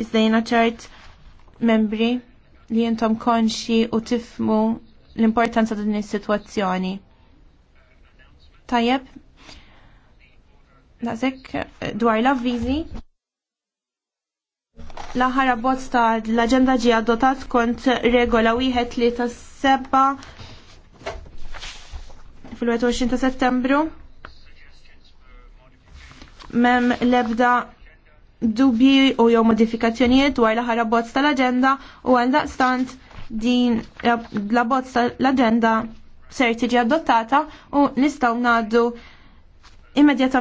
iżda ċert membri li jintom konxi u tifmu l-importanza din is-sitwazzjoni. Tajjeb, daqsek eh, dwar l-avviżi. L-aħħar abbozz ta' l-aġenda ġie adottat kont regola wieħed li ta' seba fil-21 ta' settembru. Mem lebda dubji u jew modifikazzjonijiet dwar l-aħħar bozz tal-aġenda u għal daqstant din la bozz tal-aġenda ser tiġi adottata u nistgħu ngħaddu immedjatament